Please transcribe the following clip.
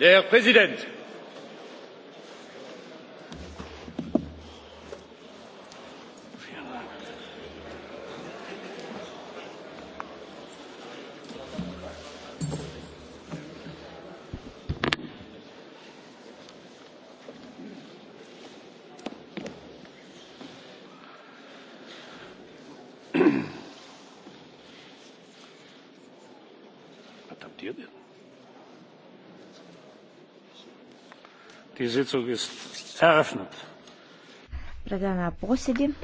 Der Präsident. adaptiert werden. Die Sitzung ist eröffnet. Pradedame posėdį.